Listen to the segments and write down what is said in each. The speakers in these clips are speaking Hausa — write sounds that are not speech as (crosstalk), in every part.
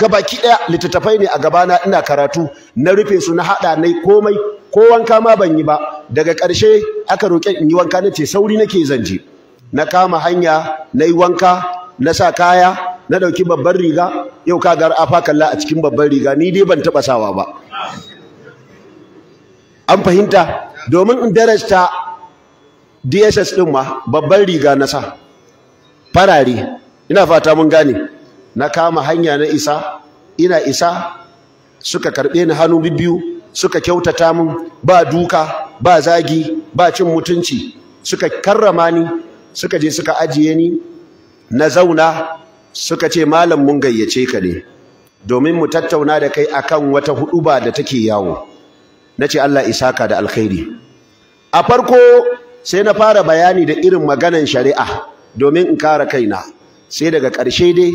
gabaki daya littattafai ne a gabana ina karatu na rufe su na hada nai komai ko wanka ma ban yi ba daga ƙarshe aka roƙe in yi wanka na ce sauri nake zanje na kama hanya na yi wanka na sa kaya na ɗauki babban riga yau ka gar afa kalla a cikin babban riga ni dai ban taɓa sawa ba an fahimta domin in darasta DSS ɗin ma babban riga na sa farare ina fata mun gane na kama hanya na isa ina isa suka karɓe ni hannu bibbiyu suka kyautata mun, ba duka ba zagi ba cin mutunci suka karrama ni suka je suka ajiye ni na zauna suka ce malam mun gayyace ka ne domin mu tattauna da kai akan wata huduba da take yawo nace Allah ka da alkhairi a farko sai na fara bayani da irin maganan shari'a domin in kare kaina sai daga ƙarshe dai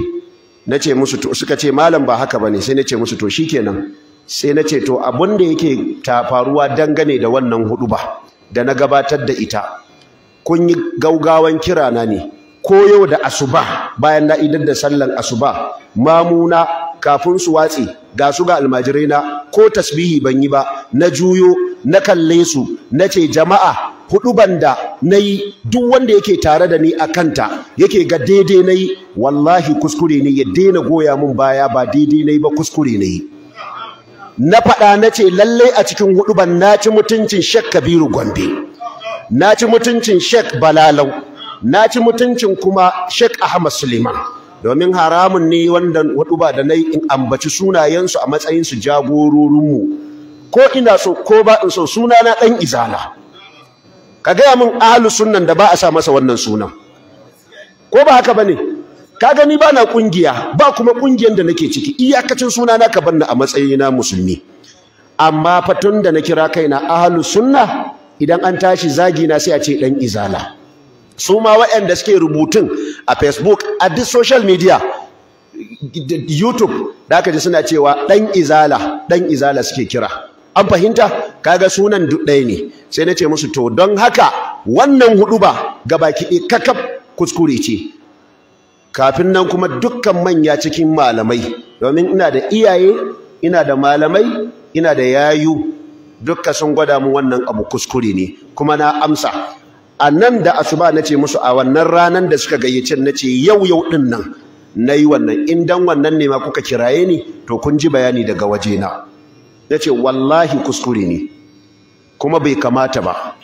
nace musu to suka ce malam ba haka bane sai nace musu to shikenan sai nace to abun da yake ta faruwa dangane da wannan hudu ba da na gabatar da ita kun yi gaugawan kira na ne ko yau da asuba bayan na idar da sallan asuba mamuna kafin su watsi, ga su ga almajirai na ko tasbihi ban yi ba na juyo na kalle su na ce jama'a hudu da na yi duk wanda yake tare da ni a kanta yake ga daidai na yi wallahi kuskure ne ya daina goya mun baya ba daidai na yi ba kuskure na yi. na faɗa na ce lallai a cikin huduban na ci mutuncin shek kabiru gombe na ci mutuncin shek balalau na ci mutuncin kuma shek ahmad suleiman domin haramun ne wanda ba da na yi in ambaci sunayensu a matsayinsu jagororinmu ko ina so ko ba in so suna na ɗan izala ka gaya min ahalus sunan da ba a sa masa wannan sunan ko ba haka ba ne ka gani ba na ƙungiya ba kuma ƙungiyar da nake ciki iyakacin suna na ka banna a matsayi na musulmi amma fatun da na kira kaina ahalus sunna idan an tashi zagi na sai a ce ɗan izala su ma waɗanda suke rubutun a facebook a duk social media youtube da aka ji suna cewa ɗan izala ɗan izala suke kira an fahimta kaga sunan duk ɗaya ne sai na ce musu to don haka wannan hudu ba gabaki kakaf kuskure ce kafin nan kuma dukkan manya cikin malamai domin ina da iyaye ina da malamai ina da yayu dukka sun gwada mu wannan abu kuskure ne kuma na amsa a nan da asuba na ce musu a wannan ranar da suka gayyace na ce yau yau ɗin nan na yi wannan in dan wannan ne ma kuka kiraye ni to kun ji bayani daga wajena ya ce wallahi kuskure ne kuma bai kamata ba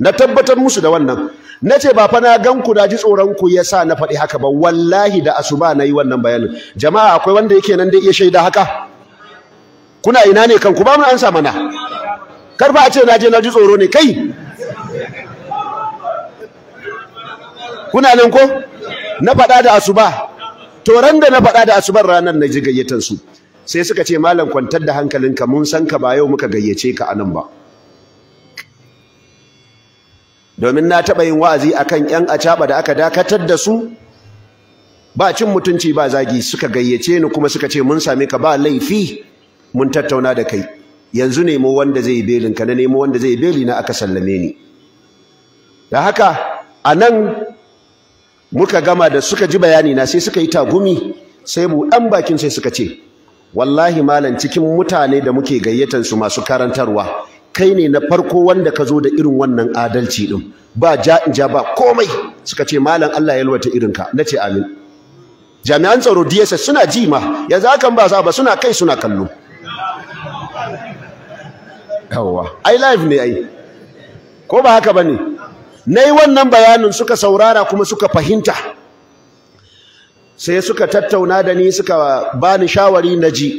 na tabbatar musu da wannan na ce ba fa na gan ku na ji tsoron ku ya sa na faɗi haka ba wallahi da asuba na yi wannan bayanin jama'a akwai wanda yake nan da iya shaida haka kuna ina ne kanku ba mu ansa mana karfa a ce na je na ji tsoro ne kai kuna nan ko na faɗa da asuba to da na faɗa da asubar ranar na ji gayyatar su sai suka ce malam kwantar da hankalinka mun san ka ba yau muka gayyace ka anan ba domin na taɓa yin wa'azi akan yan acaba da aka dakatar da su ba cin mutunci ba zagi suka gayyace ni kuma suka ce mun same ka ba laifi mun tattauna da kai yanzu nemo wanda zai belin ka na nemo wanda zai beli na aka sallame ni da haka anan muka gama da suka ji bayani na sai suka yi tagumi sai mu buɗan bakin sai suka ce wallahi malam cikin mutane da muke gayyatan su masu karantarwa kai ne na farko wanda ka zo da irin wannan adalci din ba ja in ja ba komai suka ce malam Allah ya yalwata irinka nace amin jami'an tsaro DSS suna ji ma yanzu hakan ba sa ba suna kai suna kallo yawa ai live ne ai ko ba haka bane nayi wannan bayanin suka saurara kuma suka fahimta sai suka tattauna da ni suka ba ni shawari na ji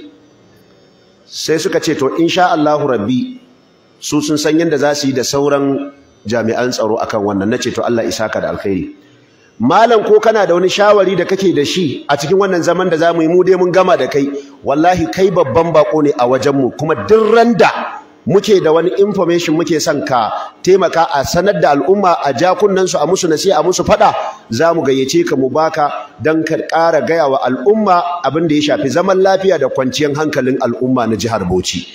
sai suka ce to in sha Allahu rabbi su sun san yadda za su yi da sauran jami'an tsaro a kan wannan na ce to Allah isa ka da alkhairi malam ko kana da wani shawari da kake da shi a cikin wannan zaman da za mu yi mu dai mun gama da kai wallahi kai babban bako ne a wajenmu kuma duk randa muke da wani information muke son ka taimaka a sanar da al'umma a jakunan su a musu nasiha a musu faɗa? za mu gayyace ka mu baka don ka ƙara gaya wa al'umma abin da ya shafi zaman lafiya da kwanciyar hankalin al'umma na jihar Bauchi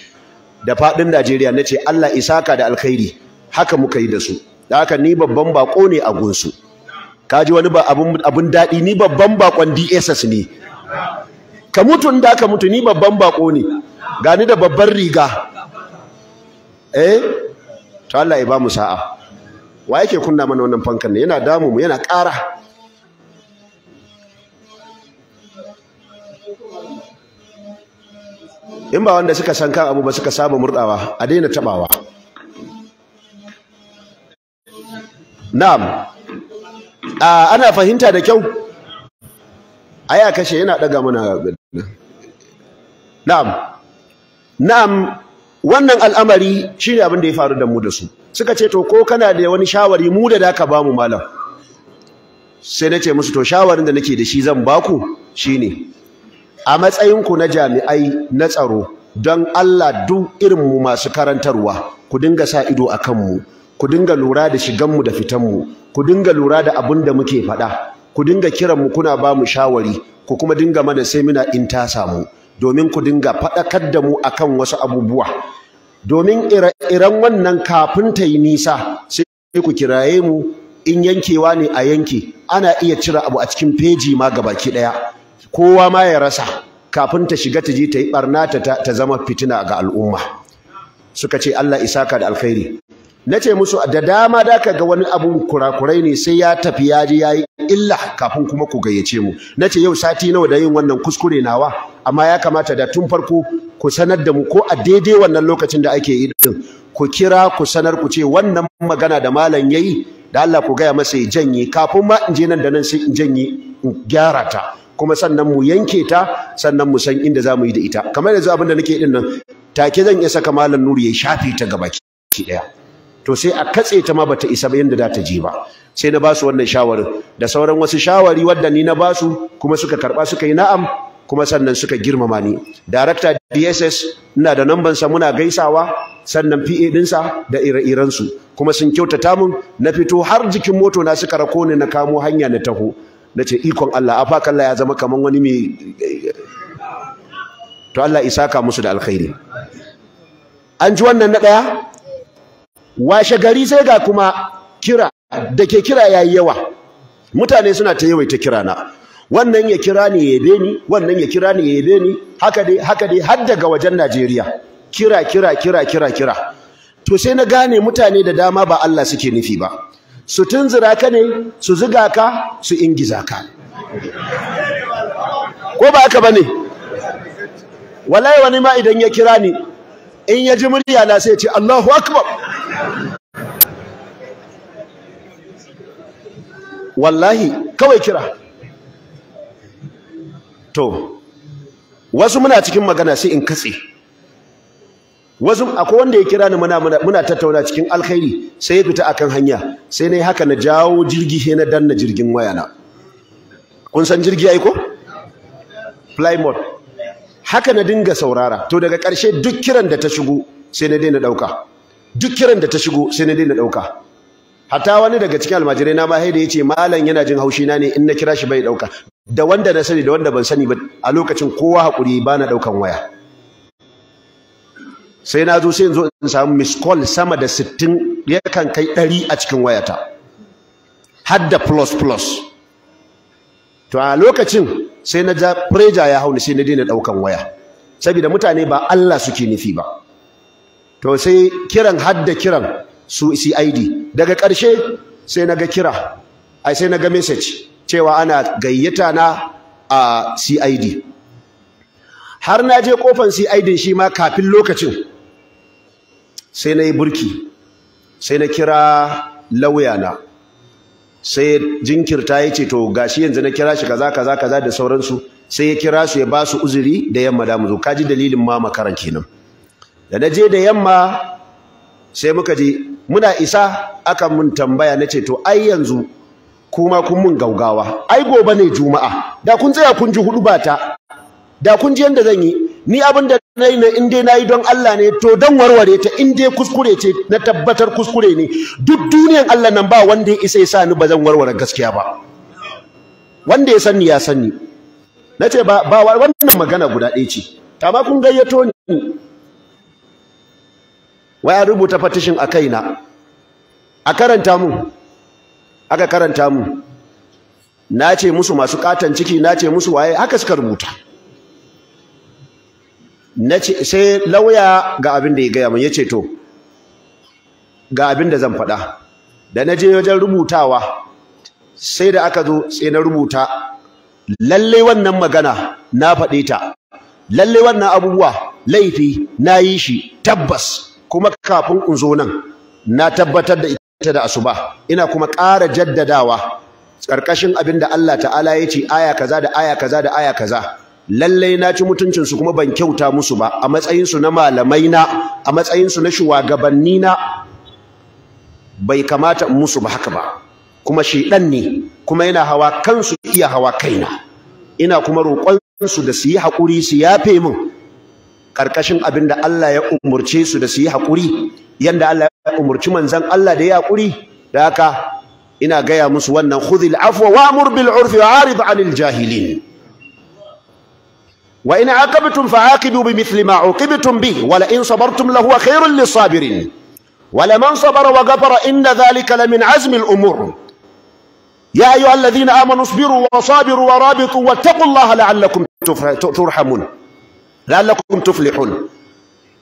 da fadin Najeriya na ce Allah isaka da alkhairi haka muka yi da su da haka ni babban bako ne a gunsu kaji wani ba abun daɗi ni babban bakon DSS ne ka mutu da ka mutu ni babban bako ne gani da babban riga eh to Allah ya ba mu sa'a wa yake kunna mana wannan fankan ne yana damu mu yana ƙara in ba wanda suka san kan abu ba suka saba murdawa a daina tabawa na'am ana fahimta da kyau aya kashe yana daga mana na'am na'am wannan al'amari shine abin da ya faru da mu da su suka ce to ko kana da wani shawari mu da daka bamu malam sai na ce musu to shawarin da nake da shi zan baku shine a matsayin ku na jami'ai na tsaro don Allah duk irin mu masu karantarwa ku dinga sa ido a kanmu ku dinga lura da shigan mu da fitan mu ku dinga lura da abin da muke faɗa ku dinga kiran mu kuna ba mu shawari ku kuma dinga mana sai muna in ta samu domin ku dinga faɗakar da mu akan wasu abubuwa domin iran wannan kafin ta yi nisa sai ku kiraye mu in yankewa ne a yanke ana iya cire abu a cikin feji ma ga baki ɗaya kowa ma ya rasa kafin ta shiga ta je ta yi ɓarna ta zama fitina ga al'umma suka ce Allah isaka da alkhairi nace musu da dama da ka ga wani abu kurakurai ne sai ya tafi ya ji yayi illa kafin kuma ku gayyace mu nace yau sati nawa da yin wannan kuskure nawa amma ya kamata da tun farko ku sanar da mu ko a daidai wannan lokacin da ake yi din ku kira ku sanar ku ce wannan magana da malam yayi da Allah ku gaya masa ya janye kafin ma in je nan da nan sai in janye in gyara ta kuma sannan mu yanke ta sannan mu san inda za mu yi da ita kamar yanzu abin da nake din nan take zan iya saka malam nuri ya shafe ta gaba ki daya to sai a katse ta ma bata isa ba yanda za ta je ba sai na basu wannan shawarin da sauran wasu shawari wadda ni na basu kuma suka karba suka yi na'am kuma sannan suka girmama ni director DSS ina da namban sa muna gaisawa sannan PA dinsa da ire-iren su kuma sun kyautata mun na fito har jikin moto na suka rako ni na kamo hanya na taho Na ce ikon Allah afa kalla ya zama kaman wani mai eh, eh. to Allah isaka musu da alkhairi an ji wannan na daya washe gari sai ga kuma kira da ke kira yayi yawa mutane suna ta yawaita kira na wannan ya kira ni yabe ni wannan ya kira ni yabe ni haka dai haka dai har daga wajen Najeriya kira kira kira kira kira to sai na gane mutane da dama ba Allah suke nufi ba su tunzura ka ne su zuga ka su ingiza ka ko ba haka bane wallahi wani ma idan ya kira ni in ya ji murya na sai ya ce Allahu akbar wallahi kawai kira to wasu muna cikin magana sai in katse wasu akwai wanda ya kira ni muna muna tattauna cikin alkhairi sai ya fita akan hanya sai nayi haka na jawo jirgi he na danna jirgin wayana kun san jirgi ai ko fly haka na dinga saurara to daga ƙarshe duk kiran da ta shigo sai na daina dauka duk kiran da ta shigo sai na daina dauka hatta wani daga cikin almajirai na ba haida yace malam yana jin haushi na ne in na kira shi bai dauka da wanda na sani da wanda ban sani ba a lokacin kowa hakuri na daukan waya sai na zo sai in zo in samu miss sama da 60 kan kai 100 a cikin wayata har da plus plus to a lokacin sai na ja pressure ya ni, sai na daina daukan waya saboda mutane ba Allah suke nufi ba to sai kiran hadda kiran su CID daga ƙarshe sai na ga kira ai sai na message cewa ana gayyata na a CID har na je kofan CID shi ma kafin lokacin sai na yi burki sai na kira lauya na, sai jinkirta ya ce to gashi yanzu na kira shi kaza kaza kaza da sauransu sai ya kira su ya ba su uzuri da yamma da mu zo kaji dalilin ma makaran kenan da na je da yamma sai muka je muna isa aka mun tambaya nace to ai yanzu kuma kun mun gaugawa ai gobe ne juma'a da kun tsaya kun ji hudu bata da kun ji yanda zan yi ni abin da nayi ne in dai nayi don Allah ne to dan warware ta in dai kuskure ce na tabbatar kuskure ne duk duniyan Allah nan ba wanda ya isa ya sa ni zan warware gaskiya ba wanda ya sanni ya sanni nace ba ba wannan magana guda ɗaya ce amma kun gayyato ni Waya rubuta fatishin a kaina a karanta mu aka karanta mu na ce musu masu katon ciki na ce musu waye haka suka rubuta na sai lauya ga abin da ya gaya mun ya ce to ga abin da zan faɗa da na je wajen rubutawa sai da aka zo sai na rubuta Lallai wannan magana na faɗe ta lallai wannan abubuwa laifi na yi shi tabbas kuma kafin in zo nan na tabbatar da ita da asuba ina kuma ƙara jaddadawa ƙarƙashin abin da Allah ta'ala ya ce aya kaza da aya kaza da aya kaza lallai na ci mutuncin su kuma ban kyauta musu ba a matsayin su na malamai na a matsayin su na shugabanni na bai kamata in musu ba haka ba kuma shedan ne kuma yana hawa kansu iya hawa kaina ina kuma roƙon su da su yi haƙuri su yafe min karkashin abin da Allah ya umurce su da su yi hakuri yanda Allah ya umurci manzon Allah da ya hakuri da haka ina gaya musu wannan khudhil afwa wa'mur bil urfi wa'rid 'anil jahilin wa in aqabtum fa'aqibu bimithli ma uqibtum bih wa la in sabartum lahuwa khairul lisabirin wa man sabara wa ghafara inna dhalika lamin 'azmi al umur يا أيها الذين آمنوا اصبروا وصابروا ورابطوا واتقوا الله لعلكم ترحمون la'allakum tuflihun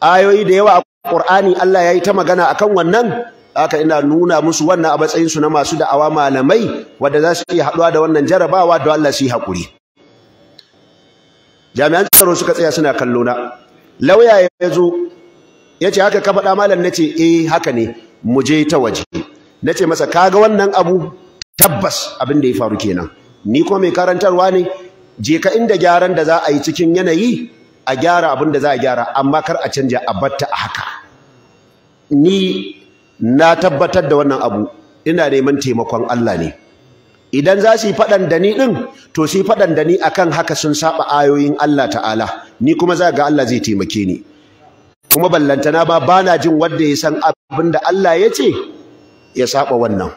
ayoyi da yawa a Qur'ani Allah ya yi ta magana akan wannan haka ina nuna musu wannan a matsayin su na masu awa malamai wanda za su iya haɗuwa da wannan jarabawa don Allah su yi haƙuri jami'an tsaro suka tsaya suna kallo na lauya ya zo ya ce haka ka faɗa malam na ce eh haka ne mu je ta waje na ce masa kaga wannan abu tabbas abin da ya faru kenan ni kuma mai karantarwa ne je ka inda gyaran da za a yi cikin yanayi a gyara abin da za a gyara amma kar a canja a batta a haka ni na tabbatar da wannan abu ina neman taimakon Allah ne idan za su yi faɗan da ni ɗin to su yi faɗan da ni akan haka sun saba ayoyin Allah ta'ala ni kuma za ga Allah zai taimake ni kuma ballantana ba bana jin wanda ya san abin da Allah ya ce ya saba wannan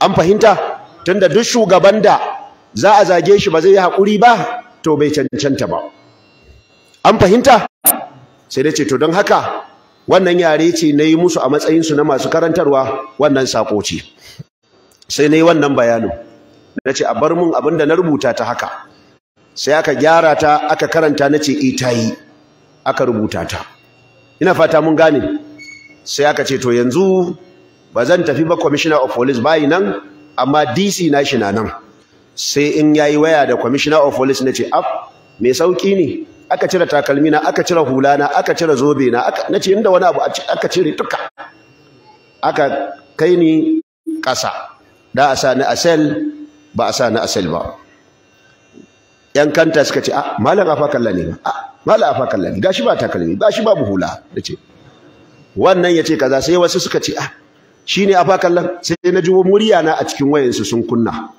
an fahimta tunda duk shugaban da za a zage shi ba zai yi haƙuri ba to bai cancanta ba an fahimta sai dai ce to don haka wannan yare ce na yi musu a matsayinsu na masu karantarwa wannan sako ce sai na yi wannan bayanin na ce a bar mun abin da na rubuta ta haka sai aka gyara ta aka karanta na ce ita e, yi aka rubuta ta ina fata mun gane sai aka ce to yanzu ba zan tafi ba commissioner of police bayi nan amma dc na shi na nan sai in yayi waya da commissioner of police na ce af mai sauki ne aka cire takalmina aka cire hulana aka cire zobena na ce inda wani abu aka cire duka aka kai ni ƙasa da a sa ni a sel ba a sa ni a sel ba yan kanta suka ce ah malam afa kalla ne ba ah, malam afa kalla ne gashi ba takalmi gashi babu hula ce wannan ce kaza sai wasu suka ce ah ne afa kallan sai na ji muryana na a cikin wayansu sun kunna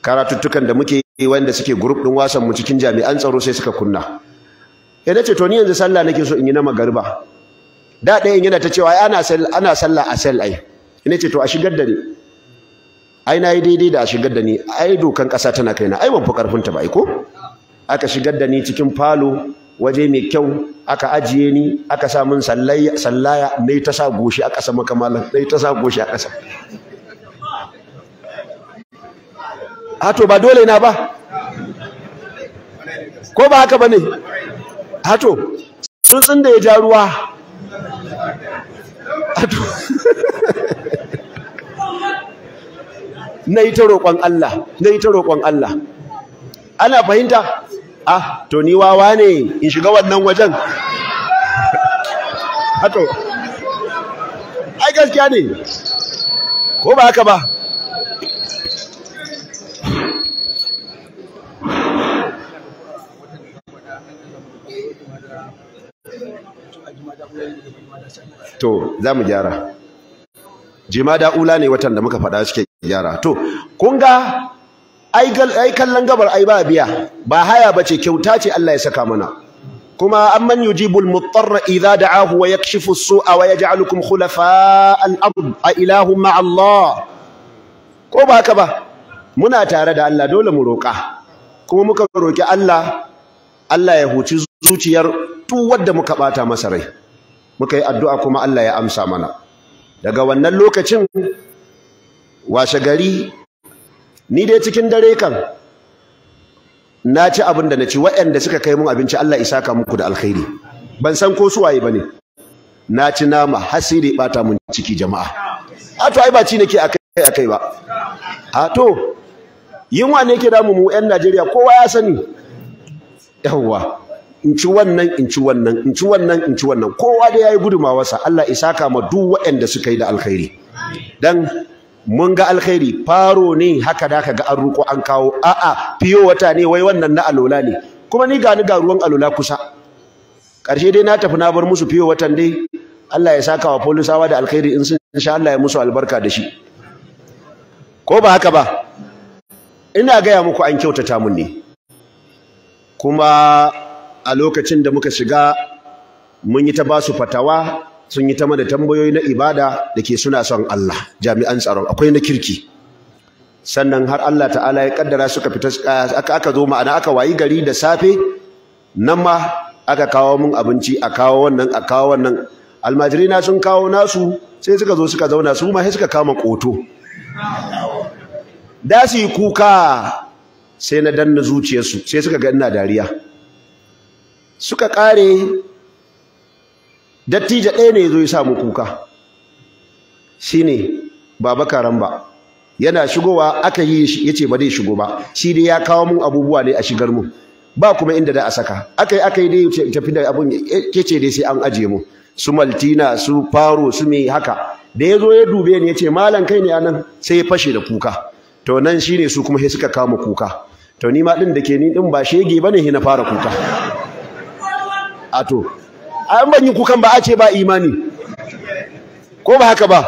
karatuttukan da muke yi wanda suke group din wasan mu cikin jami'an tsaro sai suka kunna eh nace to ni yanzu sallah nake so in yi na magariba da in yana ta cewa ana ana sallah a sel ai nace to a shigar da ni ai na yi daidai da a shigar da ni ai dokan ƙasa tana kaina ai ban fi ƙarfin ta ba ko aka shigar da ni cikin falo waje mai kyau aka ajiye ni aka sa min sallaya mai ta sa goshi a ƙasa makamalan dai ta sa goshi a ƙasa hato ba dole na ba ko ba haka bane hato tsuntsun da ya ja ruwa hato (laughs) na yi ta roƙon Allah na yi ta roƙon Allah ana fahimta ah to ni wawa ne in shiga wannan wajen hato (laughs) ai gaskiya ne ko ba haka ba to za mu gyara jimada ula ne watan da muka faɗa suke gyara to kun ga ai kallon gabar ai ba biya ba haya bace kyauta ce Allah ya saka mana kuma amman yujibul mutarra idza da'ahu wa yakshifu as-su'a wa yaj'alukum khulafa al-ard a ilahu ma Allah ko ba haka ba muna tare da Allah dole mu roƙa kuma muka roƙi Allah Allah ya huci zuciyar duk wadda muka bata masa rai muka yi addu'a kuma Allah ya amsa mana daga wannan lokacin washe gari ni dai cikin dare kan na ci abin da na ci waɗanda suka kai mun abinci Allah isa ka muku da alkhairi ban san ko su waye bane na ci nama hasiri bata mun ciki jama'a a to ai ba ci nake akai akai ba a to yunwa ne ke damu mu 'yan Najeriya kowa ya sani yawwa in ci wannan in ci wannan in ci wannan in ci wannan kowa da yayi gudumawarsa Allah ka ma duk waɗanda suka yi da alkhairi dan mun ga alkhairi faro ne haka da ka ga an ruko an kawo a'a fiyo wata ne wai wannan na alola ne kuma ni ga ni ga ruwan alola kusa ƙarshe dai na tafi na bar musu fiyo watan dai Allah ya saka wa polisawa da alkhairi in sun sha Allah ya musu albarka da shi ko ba haka ba ina gaya muku an kyautata mun ne kuma a lokacin da muka shiga mun yi ta ba su fatawa sun yi ta mana tambayoyi na ibada da ke suna son Allah jami'an tsaron akwai na kirki sannan har Allah ta'ala ya kaddara suka fita aka aka zo ma'ana aka wayi gari da safe nan ma aka kawo mun abinci a kawo wannan a kawo wannan almajirina sun kawo nasu sai suka zo suka zauna su ma sai suka kama koto da su yi kuka sai na danna zuciyarsu sai suka ga ina dariya suka ƙare dattijo ɗaya ne ya zo ya samu kuka ne, baba karamba yana shigowa aka yi ya ce ba zai shigo ba shi dai ya kawo mun abubuwa ne a shigar mu ba kuma inda da a saka aka yi aka yi dai tafi da abun ke ce dai sai an ajiye mu su maltina su faro su me haka da ya zo ya dube ni ya ce malam kai ne anan sai ya fashe da kuka to nan shi ne su kuma sai suka kawo mu kuka to ni ma din da ke ni din ba shege ba ne na fara kuka ato an ban yi kukan ba a ce ba imani ko ba haka ba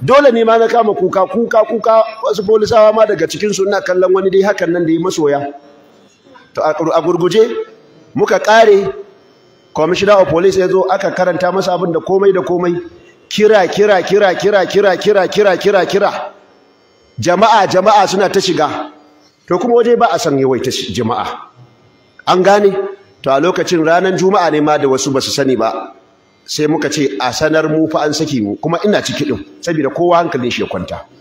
dole ne ma na kama kuka kuka kuka wasu polisawa ma daga cikin suna kallon wani dai hakan nan da yi masoya to a gurguje muka kare commissioner of police ya zo aka karanta masa abin da komai da komai kira kira kira kira kira kira kira kira kira jama'a jama'a suna ta shiga to kuma waje ba a san ta jama'a an gane to a lokacin ranar juma'a ne ma da wasu basu sani ba sai muka ce a sanar mu fa an saki mu kuma ina ciki din saboda kowa hankalin shi ya kwanta